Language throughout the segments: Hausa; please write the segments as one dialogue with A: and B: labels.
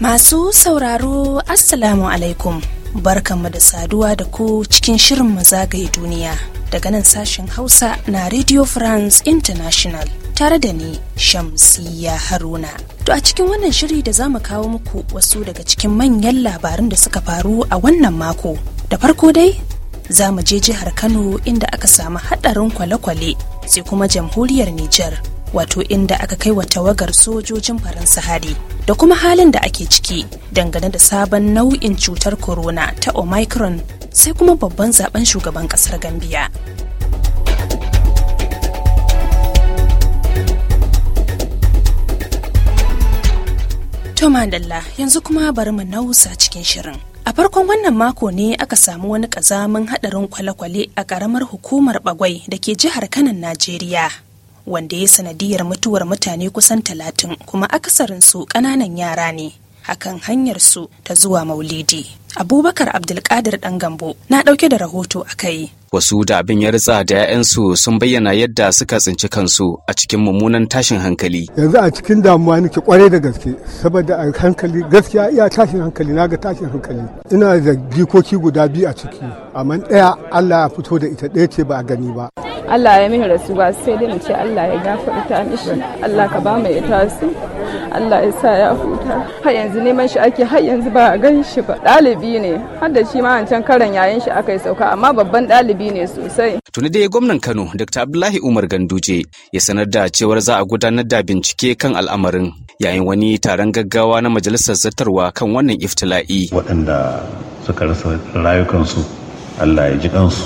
A: Masu sauraro Assalamu alaikum barkanmu da saduwa da ku cikin shirin mazagaye duniya daga nan sashen Hausa na Radio France International tare da ni Shamsiyya Haruna. To a cikin wannan shiri da za mu kawo muku wasu daga cikin manyan labarin da suka faru a wannan mako. Da farko dai za mu je jihar Kano inda aka samu haɗarin kwale-kwale sai kuma jamhuriyar Nijar. wato inda aka kai wa tawagar sojojin faransa hari da kuma halin da ake ciki dangane da sabon nau'in cutar corona ta omicron sai kuma babban zaben shugaban kasar gambia tomadalla yanzu kuma bari mu nausa cikin shirin. A farkon wannan mako ne aka samu wani kazamin hadarin kwale-kwale a ƙaramar hukumar bagwai da ke jihar Kanan Najeriya. wanda ya sanadiyar mutuwar mutane kusan talatin kuma akasarinsu ƙananan yara ne akan hanyarsu ta zuwa maulidi Abubakar Abdulkadir ɗan Gambo na ɗauke da rahoto a kai.
B: Wasu da abin ya ritsa da 'ya'yansu sun bayyana yadda suka tsinci kansu a cikin mummunan tashin hankali.
C: Yanzu a cikin damuwa nake kwarai da gaske saboda a hankali gaskiya iya tashin hankali na ga tashin hankali. Ina da jikoki guda biyu a ciki amma ɗaya Allah ya fito da ita ɗaya ce ba a gani ba.
A: Allah ya mihi rasuwa sai dai mu ce Allah ya gafarta mishi Allah ka ba mu ya tasu Allah ya sa ya huta har yanzu neman shi ake har yanzu ba a gan shi ba ɗalibi ɗalibi ne har da shi ma can karan yayin shi aka yi sauka amma babban ɗalibi ne sosai.
B: Tuni dai gwamnan Kano Dr. Abdullahi Umar Ganduje ya sanar da cewar za a gudanar da bincike kan al'amarin yayin wani taron gaggawa na majalisar zartarwa kan wannan iftila'i. Waɗanda suka rasa rayukansu Allah ya ji kansu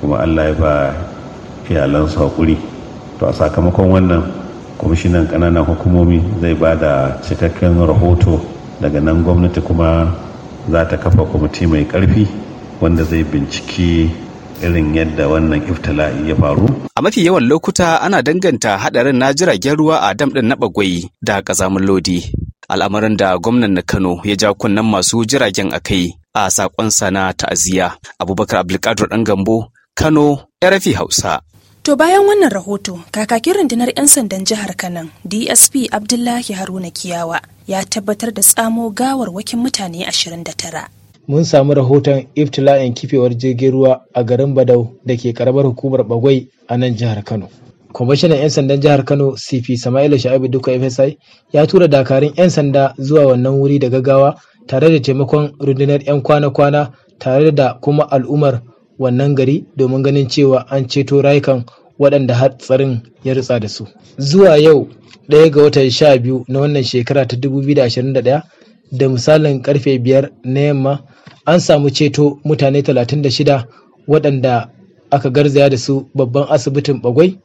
B: kuma Allah ya ba iyalansu hakuri To a sakamakon wannan kwamishinan ƙananan hukumomi zai ba da cikakken rahoto daga nan gwamnati kuma za ta kafa kwamiti mai ƙarfi wanda zai binciki irin yadda wannan iftila'i ya faru. A mafi yawan lokuta ana danganta haɗarin na jiragen ruwa a dam ɗin na bagwai da ƙazamin lodi. Al'amarin da gwamnan na Kano ya ja kunnen masu jiragen a kai a saƙonsa na ta'aziyya. Abubakar Abdulkadir ɗan Gambo, Kano, RFI Hausa.
A: To bayan wannan rahoto, kakakin rundunar 'yan sandan jihar Kanan, DSP Abdullahi Haruna Kiyawa, ya tabbatar da tsamo gawar wakin mutane 29.
D: Mun samu rahoton iftila'in kifewar jirgin ruwa a garin Badau da ke karamar hukumar Bagwai a nan jihar Kano. Kwamishinan 'yan sandan jihar Kano CP Sama'ila Sha'ibu Duka FSI ya tura dakarun 'yan sanda zuwa wannan wuri da gaggawa tare da taimakon rundunar 'yan kwana-kwana tare da kuma al'ummar wannan gari domin ganin cewa an ceto rayukan waɗanda hatsarin ya ritsa da su zuwa yau ɗaya ga watan sha biyu na wannan shekara ta 2021 da misalin karfe biyar na yamma an samu ceto mutane 36 waɗanda aka garzaya da su babban asibitin bagwai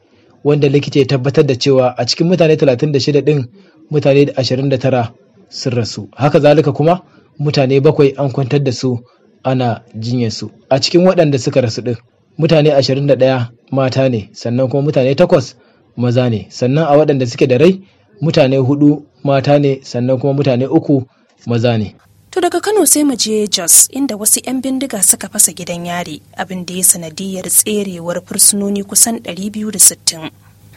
D: wanda likita ya tabbatar da cewa a cikin mutane 36 ɗin mutane 29 sun rasu haka zalika kuma mutane bakwai an kwantar da su ana jinyarsu a cikin waɗanda suka rasu ɗin mutane 21 mata ne sannan kuma mutane takwas maza ne sannan a waɗanda suke da rai mutane hudu mata ne sannan kuma mutane uku maza ne
A: To daga Kano sai mu je Jos inda wasu 'yan bindiga suka fasa gidan yari abin da ya sanadiyar tserewar fursunoni kusan 260.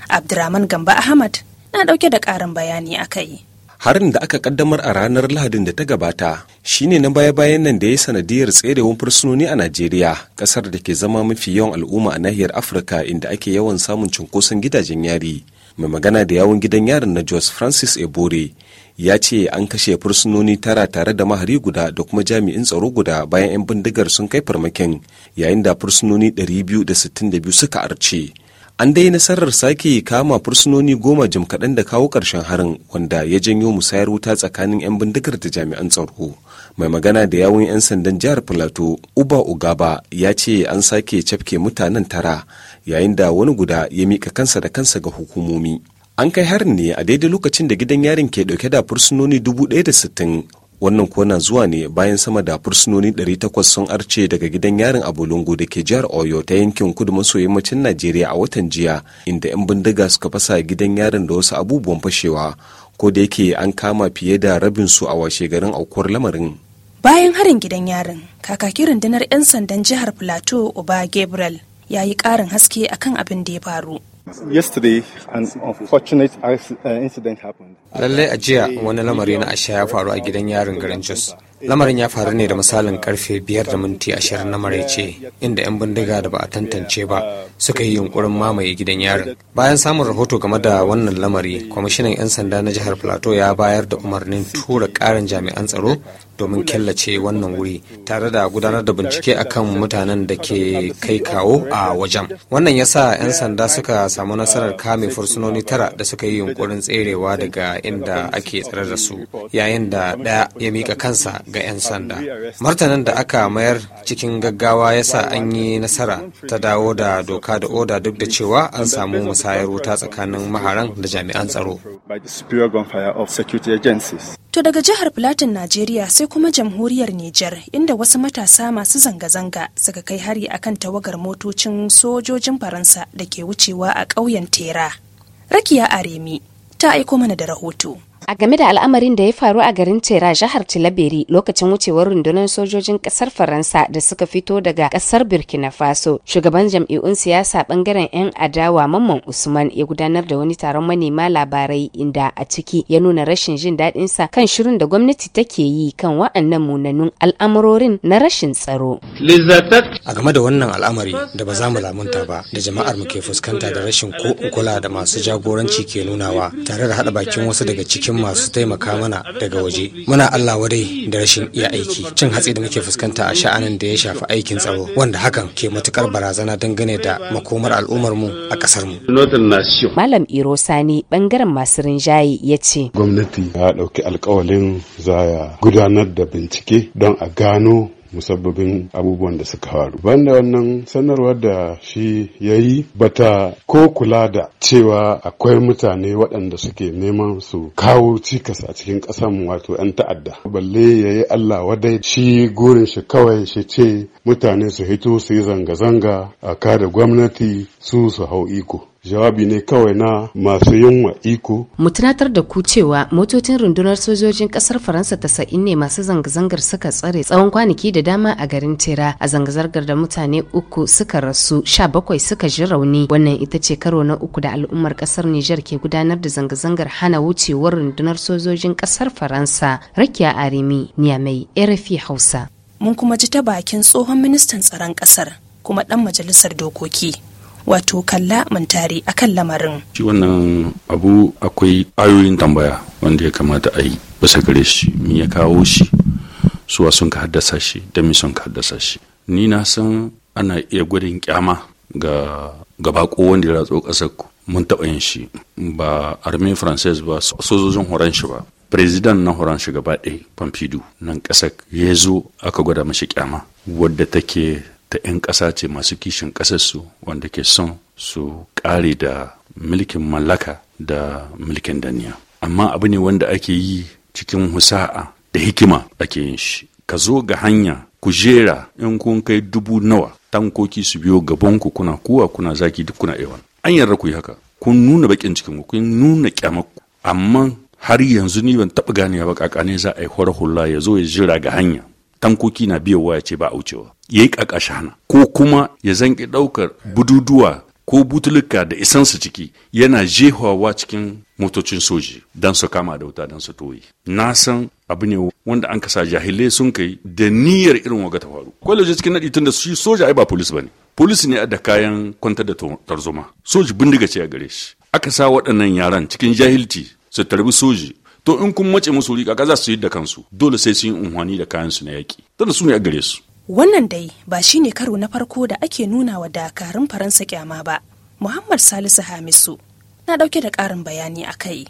A: Abdurrahman Gamba Ahmad na ɗauke da ƙarin bayani a kai.
B: harin da aka kaddamar a ranar lahadin da ta gabata shine na baya-bayan nan da ya sanadiyar tserewar fursunoni a najeriya kasar da ke zama mafi yawan al'umma a nahiyar afirka inda ake yawan samun cunkoson gidajen yari mai magana da yawon gidan yarin na jos francis ebore ya ce an kashe fursunoni tara tare da mahari guda da kuma jami'in tsaro guda bayan 'yan bindigar sun kai farmakin yayin da fursunoni 262 suka arce an dai nasarar sake kama fursunoni goma jim kaɗan da kawo ƙarshen harin wanda ya janyo musayar wuta tsakanin 'yan bindigar da jami'an tsaro mai magana da yawun 'yan sandan jihar filato uba ugaba ya ce an sake cafke mutanen tara yayin da wani guda ya mika kansa da kansa ga hukumomi an kai harin ne a daidai lokacin da gidan yarin ke dauke da fursunoni sittin. wannan kona zuwa ne bayan sama da fursunoni 800 sun arce daga gidan yarin abolongo da ke jihar oyo ta yankin kudu maso yammacin najeriya a watan jiya inda 'yan bindiga suka fasa gidan yarin da wasu abubuwan fashewa ko da yake an kama fiye da rabin su a washe garin aukuwar lamarin
A: bayan harin gidan yarin kakakin rundunar 'yan sandan jihar plateau uba gabriel ya yi ƙarin haske akan abin da ya faru
B: Yesterday, an
E: unfortunate
C: uh, incident happened.
E: Lallai a jiya wani lamari na asha ya faru a gidan yarin garin Jos. lamarin ya faru ne da misalin karfe biyar da minti ashirin na maraice inda 'yan bindiga da ba a tantance ba suka yi yunkurin mamaye gidan yarin bayan samun rahoto game da wannan lamari kwamishinan 'yan sanda na jihar plateau ya bayar da umarnin tura karin jami'an tsaro domin killace wannan wuri tare da gudanar da bincike akan mutanen da ke kai kawo a wajen wannan yasa 'yan sanda suka samu nasarar kame fursunoni tara da suka yi yunkurin tserewa daga inda ake tsare da su yayin da ɗaya ya mika kansa ga 'yan sanda martanin da aka mayar cikin gaggawa ya sa an yi nasara ta dawo da doka da oda duk da cewa an samu musayar wuta tsakanin maharan da jami'an tsaro
A: To daga jihar Filatin Najeriya sai kuma jamhuriyar Nijar inda wasu matasa masu zanga-zanga suka kai hari akan tawagar motocin sojojin Faransa da ke wucewa a ƙauyen Tera. Rakiya Aremi ta aiko mana da rahoto.
F: a game da al'amarin da ya faru a garin tera jihar tilaberi lokacin wucewar rundunar sojojin kasar faransa da suka fito daga kasar burkina faso shugaban jam'i'un siyasa bangaren yan adawa mamman usman ya gudanar da wani taron manema labarai inda a ciki ya nuna rashin jin daɗin sa kan shirin da gwamnati take yi kan wa'annan munanun al'amarorin na rashin tsaro
E: a game da wannan al'amari da ba za mu lamunta ba da jama'ar mu ke fuskanta da rashin ko kula da masu jagoranci ke nunawa tare da haɗa bakin wasu daga cikin batun masu taimaka mana daga waje muna allah wadai da rashin iya aiki cin hatsi da muke fuskanta a sha'anin da ya shafi aikin tsaro wanda hakan
F: ke matukar barazana dangane da makomar al'ummar mu a kasar mu malam iro sani bangaren masu rinjaye ya ce
C: gwamnati ya dauki alkawalin zaya gudanar da bincike don a gano musabbabin abubuwan da suka faru banda wannan sanarwar da shi ya yi bata ko kula da cewa akwai mutane waɗanda suke neman su kawo cikas a cikin ƙasan wato 'yan ta'adda balle ya yi allah wadai shi gurin shi kawai shi ce mutane su hito su yi zanga-zanga a kada gwamnati su su hau iko jawabi ne kawai na masu yunwa iko.
F: Mu tunatar da ku cewa motocin rundunar sojojin kasar Faransa sa'in ne masu zanga-zangar suka tsare tsawon kwanaki da dama a garin Tera a zanga-zangar da mutane uku suka rasu sha bakwai suka ji rauni wannan ita ce karo na uku da al'ummar kasar Nijar ke gudanar da zanga-zangar hana wucewar rundunar sojojin kasar Faransa Rakiya
A: Arimi Niamey RFI Hausa. Mun kuma ji ta bakin tsohon ministan tsaron kasar kuma dan majalisar dokoki wato kalla a kan lamarin
G: shi wannan abu akwai ayoyin tambaya wanda ya kamata a yi bisa gare shi mi ya kawo shi suwa sun ka haddasa shi da me sun ka haddasa shi ni na san ana iya gudun kyama ga gaba wanda ya ratso ƙasar ku mun taɓa yin shi ba army frances ba sojojin horon shi ba firizidan na horon shi gaba ɗaya pampidu nan ƙasar ya zo aka gwada mashi kyama wadda take ta 'yan ƙasa ce masu kishin ƙasarsu wanda ke son su ƙare da mulkin mallaka da mulkin daniya amma abu ne wanda ake yi cikin husa'a da hikima ake yin shi ka zo ga hanya ku jera in kun kai dubu nawa tankoki su biyo gabanku kuna kuwa kuna zaki duk kuna ewan an yarda ku yi haka kun nuna bakin cikin kun nuna kyamakku amma har yanzu ni ban taɓa ganewa ba ne za a yi hula ya zo ya jira ga hanya tankoki na biyan ya ce ba a wucewa ya yi ƙaƙasha hana ko kuma ya zanki ɗaukar bududuwa ko butulika da isansu ciki yana jehawa cikin motocin soji don su kama da wuta don su toye na san abu ne wanda an kasa jahilai sun kai da niyyar irin waga ta faru kwalaje cikin naɗi tun da su soja ai ba polis ba ne polis ne da kayan kwantar da tarzoma soji bindiga ce a gare shi aka sa waɗannan yaran cikin jahilci su tarbi soji to in kun mace musu riƙa ka za su yi da kansu dole sai sun yi unhwani da kayansu na yaƙi tunda su ne a gare su
A: wannan dai ba shi ne karo na farko da ake nuna wa dakarun faransa kyama ba muhammad salisu hamisu na ɗauke da ƙarin bayani a kai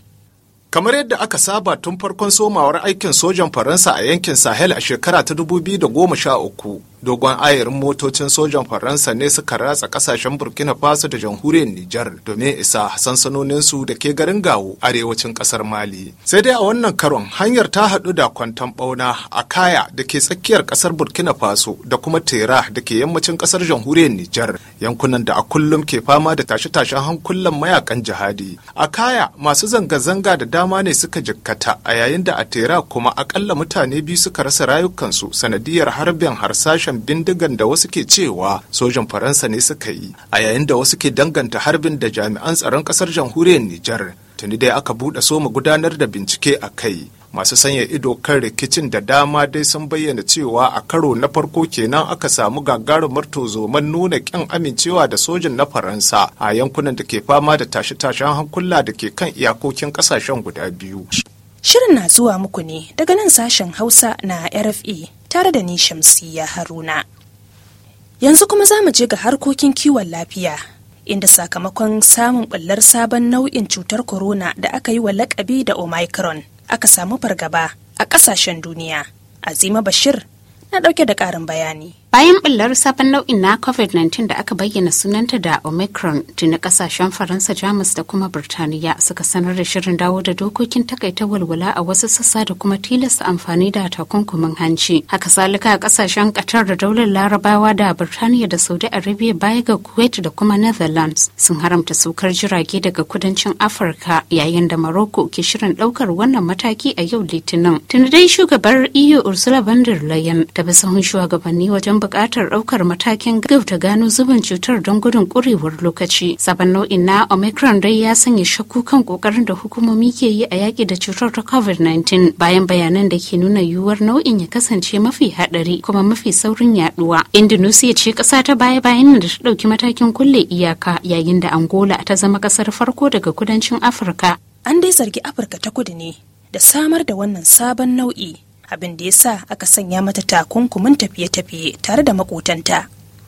C: kamar yadda aka saba tun farkon somawar aikin sojan faransa a yankin sahel a shekara ta 2013 dogon ayarin motocin sojan faransa ne suka ratsa kasashen burkina faso da jamhuriyar nijar domin isa sansanoninsu da ke garin gawo arewacin kasar mali sai dai a wannan karon hanyar ta haɗu da kwantan bauna a kaya da ke tsakiyar kasar burkina faso da kuma tera da ke yammacin kasar jamhuriyar nijar yankunan da a kullum ke fama da tashe-tashen hankulan mayakan jihadi a kaya masu zanga-zanga da dama ne suka jikkata a yayin da a tera kuma akalla mutane biyu suka rasa rayukansu sanadiyar harbin harsashen akan bindigan da wasu ke cewa sojan faransa ne suka yi a yayin da wasu ke danganta harbin da jami'an tsaron kasar jamhuriyar nijar tuni dai aka buɗe soma gudanar da bincike a kai masu sanya ido kan rikicin da dama dai sun bayyana cewa a karo na farko kenan aka samu gagarumar tozoman nuna kyan amincewa da sojin na faransa a yankunan da ke fama da tashe-tashen hankula da ke kan iyakokin kasashen guda biyu
A: shirin na zuwa muku ne daga nan sashen hausa na rfe tare da ni Shamsiyya Haruna. Yanzu kuma za mu je ga harkokin kiwon lafiya, inda sakamakon samun ɓullar sabon nau'in cutar corona da aka yi wa lakabi da Omicron aka samu fargaba a ƙasashen duniya. Azima Bashir na ɗauke da ƙarin bayani.
H: Bayan bullar sabon nau'in na COVID-19 da aka bayyana sunanta da Omicron, tuni kasashen Faransa, Jamus da kuma Birtaniya suka sanar da shirin dawo da dokokin takaita walwala a wasu sassa da kuma tilasta amfani da takunkumin hanci. Haka salika a kasashen Qatar da daular Larabawa da Birtaniya da Saudi Arabia baya ga Kuwait da kuma Netherlands sun haramta sukar jirage daga kudancin Afirka yayin da Morocco ke shirin ɗaukar wannan mataki a yau Litinin. Tuni dai shugabar EU Ursula von der Leyen ta bi sahun shugabanni wajen buƙatar ɗaukar matakin ta gano zubin cutar don gudun ƙurewar lokaci. Sabon nau'in na Omicron dai ya sanya shakku kan ƙoƙarin da hukumomi ke yi a yaƙi da cutar ta COVID-19 bayan bayanan da ke nuna yiwuwar nau'in ya kasance mafi haɗari kuma mafi saurin yaɗuwa. Indonesia ce ƙasa ta baya-bayan da ta ɗauki matakin kulle iyaka yayin da Angola ta zama ƙasar farko daga kudancin Afirka. An dai zargi Afirka ta kudu ne da samar da wannan
A: sabon nau'i abin da ya sa aka sanya mata takunkumin tafiye-tafiye tare da makotanta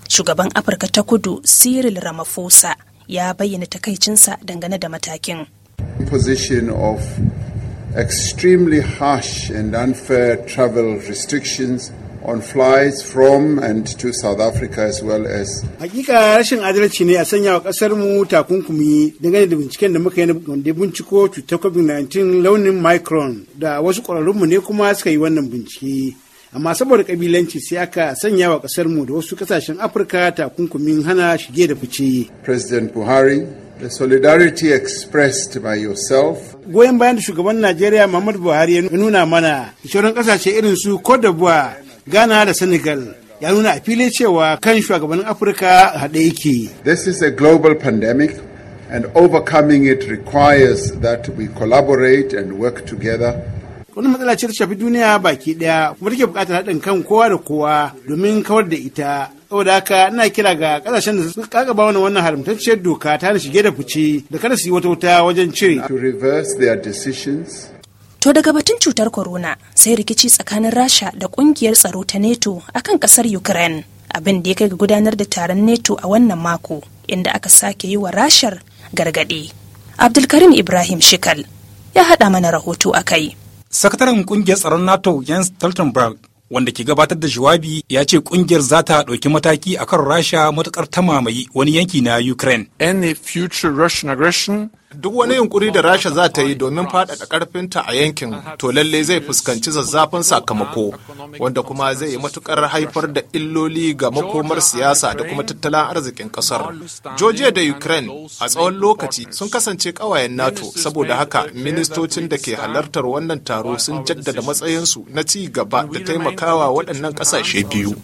A: shugaban afirka ta kudu cyril ramaphosa ya bayyana takaicinsa dangane da matakin
C: position of extremely harsh and unfair travel restrictions on flights from and to South Africa as well as. Hakika rashin adalci ne a sanya wa kasar mu takunkumi dangane da binciken da muka yi da binciko cutar COVID-19 launin micron da wasu ƙwararrun mu ne kuma suka yi wannan bincike. Amma saboda kabilanci sai aka sanya wa kasar mu da wasu kasashen Afirka takunkumin hana shige da fice. President Buhari the solidarity expressed by yourself. Goyon bayan da shugaban Najeriya Muhammadu Buhari ya nuna mana, sauran kasashe irin su Cote d'Ivoire Ghana da Senegal ya nuna a fili cewa kan shugabannin Afirka haɗe yake. This is a global pandemic and overcoming it requires that we collaborate and work together wani matsala ce ta shafi duniya baki ɗaya kuma take bukatar haɗin kan kowa da kowa domin kawar da ita saboda haka ina kira ga kasashen da suka bawa wani wannan haramtacciyar doka ta shige da fice da kada su yi wata wuta wajen cire to reverse their decisions
A: To daga batun cutar corona sai rikici tsakanin Rasha da kungiyar tsaro ta neto akan kasar Ukraine abin da ya kai ga gudanar da taron neto a wannan mako inda aka sake yi wa Rashar gargaɗi. Abdulkarim Ibrahim Shikal ya haɗa mana rahoto a kai. Sakataren kungiyar tsaron NATO Jens
B: Stoltenberg wanda ke gabatar da jawabi ya ce kungiyar za ta ɗauki mataki akan rasha matukar ta mamaye wani yanki na ukraine any future russian aggression duk wani
C: yunkuri da rasha za ta yi domin faɗaɗa ƙarfinta a yankin to lallai zai fuskanci zazzafin sakamako wanda kuma zai yi matukar haifar da illoli ga makomar siyasa da kuma tattalin arzikin ƙasar georgia da ukraine a tsawon lokaci sun kasance ƙawayen nato saboda haka ministocin da ke halartar wannan taro sun jaddada matsayinsu na ci
B: gaba da taimakawa waɗannan ƙasashe
G: biyu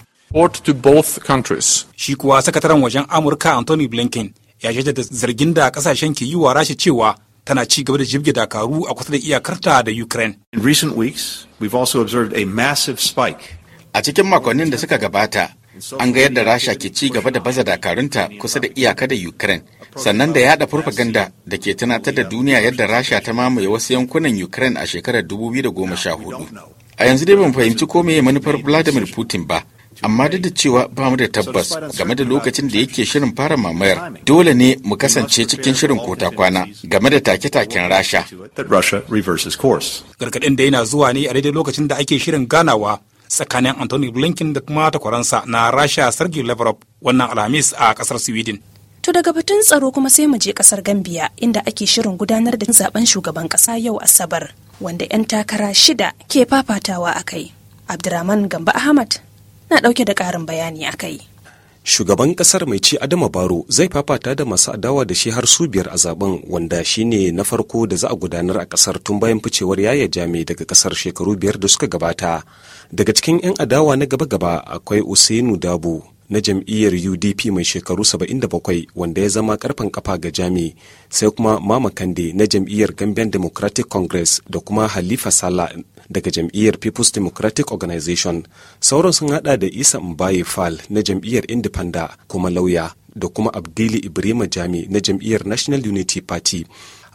G: Shi kuwa
B: sakataren wajen Amurka Anthony Blinken ya jaddada zargin da kasashen ke yi wa rasha cewa tana ci gaba da jibge dakaru a kusa da iyakarta da ukraine
H: in recent weeks we've also observed
B: a massive spike a cikin makonnin da suka gabata an ga yadda rasha ke ci gaba da
C: baza dakarunta kusa da iyaka da ukraine sannan da yada farfaganda da ke tunatar da duniya yadda rasha ta mamaye wasu yankunan ukraine a shekarar 2014 a yanzu dai ban fahimci ko meye manufar vladimir putin ba amma duk da cewa ba mu da tabbas game da lokacin da yake shirin fara mamayar dole ne mu kasance cikin shirin kota kwana game da take-taken
B: rasha gargaɗin da yana zuwa ne a daidai lokacin da ake shirin ganawa tsakanin anthony blinken da kuma takwaransa na rasha sergei lavrov wannan alhamis a kasar sweden
A: To daga batun tsaro kuma sai mu je kasar Gambia inda ake shirin gudanar da zaben shugaban kasa yau Asabar wanda 'yan takara shida ke fafatawa a kai. abdulrahman Gamba Ahmad na dauke da ƙarin bayani a kai.
B: Shugaban ƙasar mai ci Adama Baro zai fafata da masu adawa da shi har su biyar a zaben wanda shi ne na farko da za a gudanar a ƙasar tun bayan ficewar yaya jami daga ƙasar shekaru biyar da suka gabata. Daga cikin 'yan adawa na gaba-gaba akwai Usainu Dabo na jam'iyyar UDP mai shekaru 77 wanda ya zama karfan kafa ga jami sai kuma Mama Kande na jam'iyyar Gambian Democratic Congress da kuma Halifa Sala daga jam'iyyar People's Democratic Organization, sauran sun hada da Isa Mbaye Fal na jam'iyyar Indepanda kuma lauya da kuma Abdili Ibrahim Jami na jam'iyyar National Unity Party.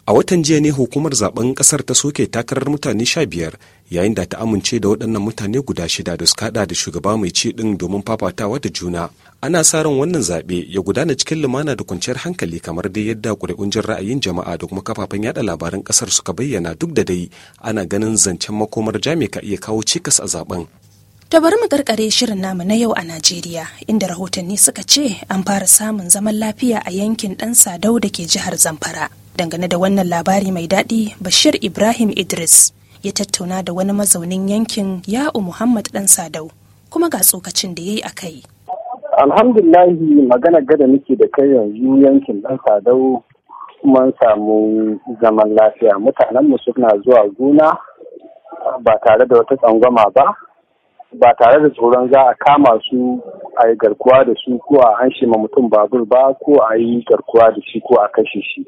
B: A watan jiya ne hukumar zaben kasar ta soke takarar mutane sha biyar yayin da ta amince da waɗannan mutane guda shida da suka da shugaba mai ci ɗin domin fafatawa da juna. ana sa ran wannan zaɓe ya gudana cikin lumana da kwanciyar hankali kamar dai yadda ƙuri'unjin ra'ayin jama'a da kuma kafafen yada labaran ƙasar suka bayyana duk da dai ana ganin zancen makomar jami ka iya kawo cikas a zaben
A: ta bari mu karkare shirin namu na yau a Najeriya inda rahotanni suka ce an fara samun zaman lafiya a yankin ɗan Sadau da ke jihar Zamfara. Dangane da wannan labari mai daɗi, Bashir Ibrahim Idris ya tattauna da wani mazaunin yankin Ya'u Muhammad ɗan Sadau kuma ga tsokacin da ya yi a kai.
I: alhamdulahi magana gada nake da kai yanzu yankin dan sadau mun samu zaman lafiya mutanenmu suna zuwa gona ba tare da wata tsangwama ba ba tare da tsoron za a kama su a yi garkuwa da su ko a hanshi ma mutum babur ba ko a yi garkuwa da shi ko a kashe shi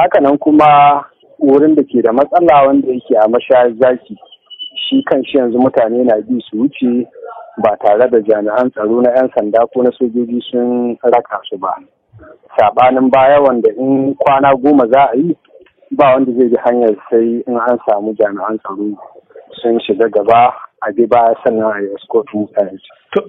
I: hakanan kuma wurin da ke da matsala wanda yake a mashayar zaki shi kan shi yanzu mutane na bi su wuce ba tare da jami'an tsaro na 'yan sanda ko na sojoji sun raka su ba sabanin baya wanda in kwana goma za a yi ba wanda zai ji hanyar sai in an samu jami'an tsaro sun shiga gaba a bi baya sannan a yi escort mutane.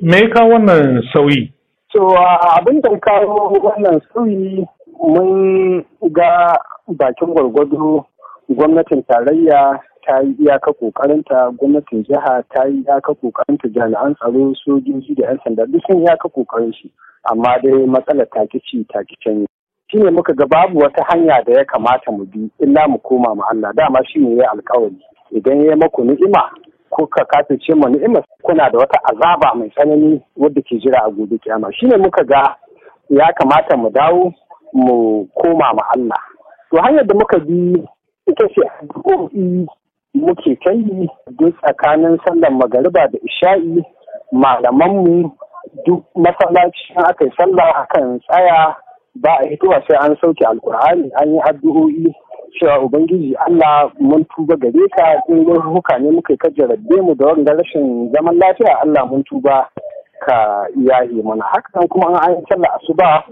G: me ka wannan sauyi?
I: so abin da kawo wannan sauyi mun ga bakin gwargwado gwamnatin tarayya ta yi iyaka kokarinta gwamnatin jiha ta yi iyaka kokarinta jami'an tsaro sojoji da 'yan sanda duk sun iyaka kokarin shi amma dai matsalar takici takicen shi ne muka ga babu wata hanya da ya kamata mu bi illa mu koma ma Allah dama shi ne ya alkawari idan ya maku ni'ima ko ka ce mu ni'ima kuna da wata azaba mai tsanani wadda ke jira a gobe kiyama shi ne muka ga ya kamata mu dawo mu koma ma Allah to hanyar da muka bi ita ce muke kai duk tsakanin sallar magariba da isha'i malamanmu duk masallacin aka yi sallah akan tsaya ba a hitowa sai an sauke alkur'ani an yi addu'o'i cewa ubangiji Allah mun tuba gare ka in huka ne muka ka jarabe mu da wanda rashin zaman lafiya Allah mun tuba ka iyaye mana hakan kuma an yi sallah asuba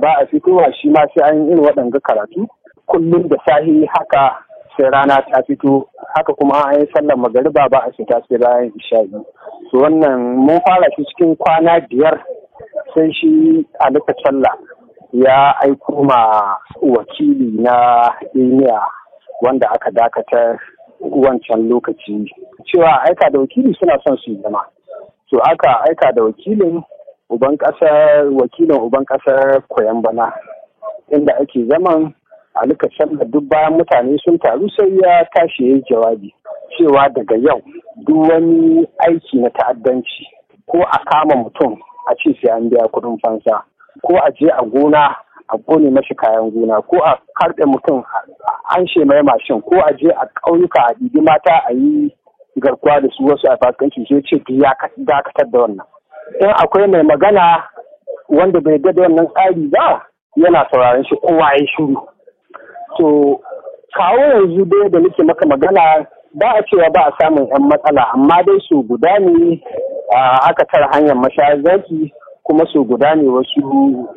I: ba a fitowa shi ma sai an yi irin waɗanga karatu kullum da sahi haka sai rana ta fito haka kuma an yi sallar magariba ba a shiga sai bayan isha'i to wannan mun fara shi cikin kwana biyar sai shi a duka sallah ya aiko ma wakili na iniya wanda aka dakatar wancan lokaci cewa aika da wakili suna son su yi zama to aka aika da wakilin uban kasar wakilin uban kasar koyan bana inda ake zaman alika sallar duk bayan mutane sun taru sai ya tashi ya yi jawabi cewa daga yau duk wani aiki na ta'addanci ko a kama mutum a ce sai an biya kuɗin fansa ko a je a gona a gone mashi kayan gona ko a karɗe mutum an she mai mashin ko a je a ƙauyuka a ɗibi mata a yi garkuwa da su wasu a fasikanci sai ce ya dakatar da wannan in akwai mai magana wanda bai da wannan tsari ba yana sauraron shi kowa ya shiru To kawo yanzu dai da nake maka magana ba a cewa ba a samun 'yan matsala amma dai su guda ne aka tara hanyar mashayar zaki kuma su guda ne wasu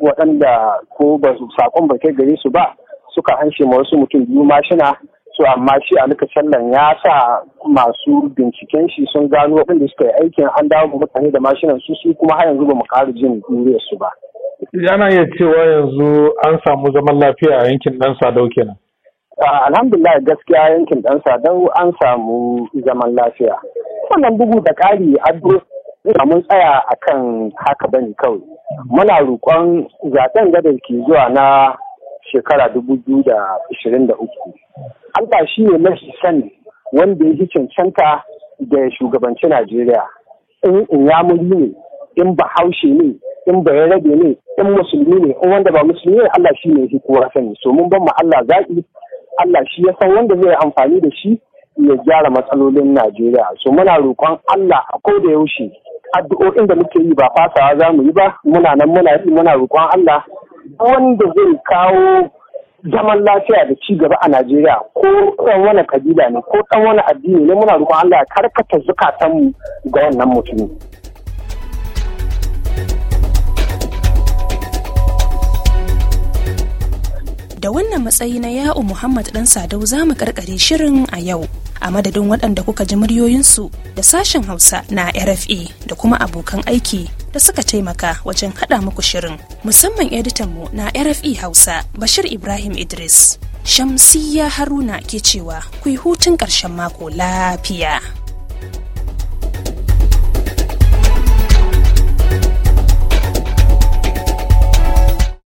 I: waɗanda ko ba su saƙon ba kai gare su ba suka hanshe ma wasu mutum biyu mashina su amma shi a nuka sallan ya sa masu binciken shi sun gano waɗanda suka yi aikin an dawo mutane da mashinan su su kuma har yanzu ba mu ƙara jin su ba. Yana iya cewa yanzu an samu zaman lafiya a yankin ɗan Sadau kenan. Alhamdulillah gaskiya yankin ɗan Sadau an samu zaman lafiya. Wannan bugu da ƙari addu'o'i mun tsaya kan haka bane kawai. Muna roƙon zaɓen da ke zuwa na shekara dubu biyu da Allah shi ne mafi sani wanda ya cancanta da shugabanci Najeriya. In in ya ne in bahaushe ne in bayarabe ne in musulmi ne in wanda ba musulmi ne Allah shi ne shi kowa sani so mun ban mu Allah zaɓi Allah shi ya san wanda zai amfani da shi ya gyara matsalolin Najeriya so muna roƙon Allah a da yaushe addu'o'in da muke yi ba fasawa za mu yi ba muna nan muna yi muna roƙon Allah wanda zai kawo zaman lafiya da ci gaba a Najeriya ko ɗan wani kabila ne ko ɗan wani addini ne muna roƙon Allah ya karkata zukatanmu ga wannan mutumin.
A: da wannan matsayi na ya'u muhammad dan sadau za mu karkare shirin a yau a madadin waɗanda kuka ji muryoyinsu da sashen hausa na rfa da kuma abokan aiki da suka taimaka wajen haɗa muku shirin musamman editanmu na rfe hausa bashir ibrahim idris shamsiya haruna ke cewa ku hutun ƙarshen mako lafiya